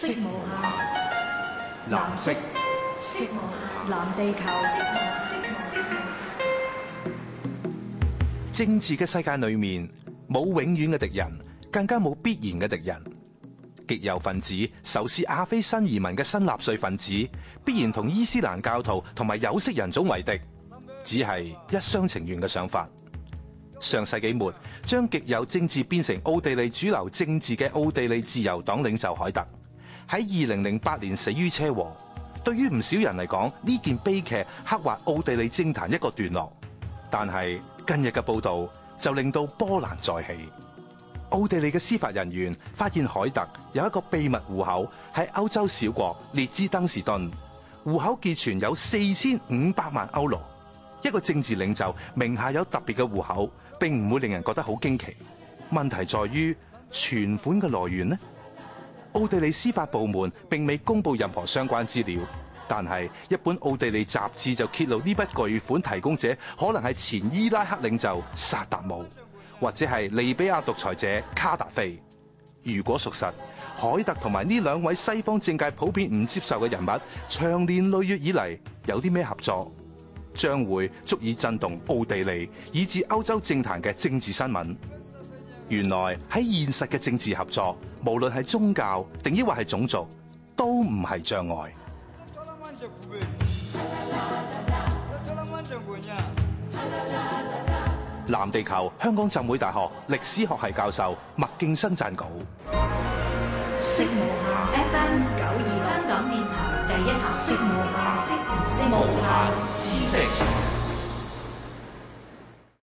色無藍色,藍色,色，藍地球。色藍地球色色政治嘅世界裏面冇永遠嘅敵人，更加冇必然嘅敵人。極右分子仇視亞非新移民嘅新納粹分子，必然同伊斯蘭教徒同埋有色人種為敵，只係一廂情願嘅想法。上世紀末，將極右政治變成奧地利主流政治嘅奧地利自由黨領袖海特。喺二零零八年死於車禍，對於唔少人嚟講，呢件悲劇刻畫奧地利政壇一個段落。但係近日嘅報導就令到波瀾再起。奧地利嘅司法人員發現海特有一個秘密戶口喺歐洲小國列支登士頓，戶口寄存有四千五百萬歐羅。一個政治領袖名下有特別嘅戶口，並唔會令人覺得好驚奇。問題在於存款嘅來源呢？奧地利司法部門並未公布任何相關資料，但係一本奧地利雜誌就揭露呢筆巨款提供者可能係前伊拉克領袖薩達姆，或者係利比亞獨裁者卡達菲。如果屬實，海特同埋呢兩位西方政界普遍唔接受嘅人物，長年累月以嚟，有啲咩合作，將會足以震動奧地利以至歐洲政壇嘅政治新聞。原來喺現實嘅政治合作，無論係宗教定抑或係種族，都唔係障礙。藍地球香港浸會大學歷史學系教授麥敬生撰稿。